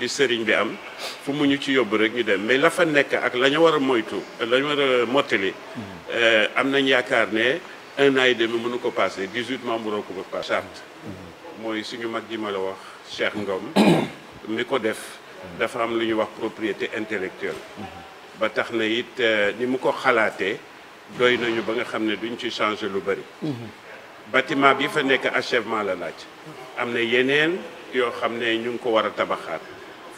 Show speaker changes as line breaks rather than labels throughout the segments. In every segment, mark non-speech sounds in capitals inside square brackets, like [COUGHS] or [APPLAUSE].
di sëriñ bi am fu ñu ci yobbu rek ñu dem mais la fa nek ak lañu wara moytu lañu wara moteli euh am nañ yaakaar ne un an et demi mënu ko passé 18 membres oo ko ba passé charte suñu mag ji la wax Cheikh Ngom [COUGHS] mi ko def dafa am luñu wax propriété intellectuelle ba tax na it euh, ni mu ko xalaatee doy nañu ba nga xamné duñ ci changer lu bari bâtiment bi fa nek achèvement la laaj am yenen yo xamné ne ñu ko wara tabaxat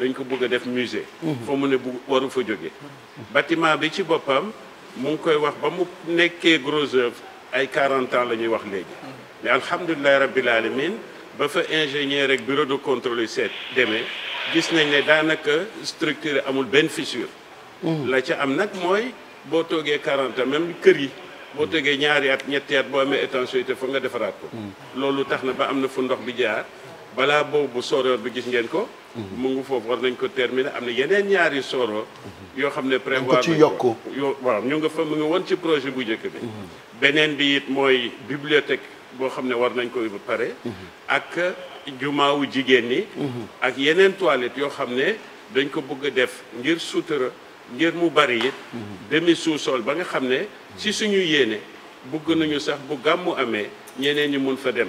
dañ ko bëgg a def musée. fa mu ne bu waru fa jóge bâtiment bi ci boppam mu ngi koy wax ba mu nekkee gros œuvre ay 40 ans la ñuy wax léegi. mais alhamdulilah rabbil alamin ba fa ingénieur rek bureau de contrôle seet demee gis nañ ne daanaka structure amul benn fissure. Mm. la ca am nag mooy boo toogee 40 ans même kër yi. boo tegee ñaari yaat ñetti at boo amee étanchéité fa nga defaraat ko. Mm. loolu tax na ba am na fu ndox bi jaar. balaa boobu sooroor bi gis ngeen ko. Mhm. mu ngi foofu war nañ ko terminer am na yeneen ñaari sooroor. Mhm. yoo xam ne prévoir ko ci yokk yoo waaw ñu nga fa mu ngi woon ci projet bu njëkk bi. Mhm. beneen bi it mooy bibliothèque boo xam ne war nañ ko ba pare. ak jumaawu jigéen ñi. ak yeneen toilette yoo xam ne dañ ko bëgg a def ngir sutura ngir mu bari it. demi sous-sol ba nga xam ne. ci suñu yéene bëgg nañu sax bu gàmmu amee ñeneen ñi mun fa dem.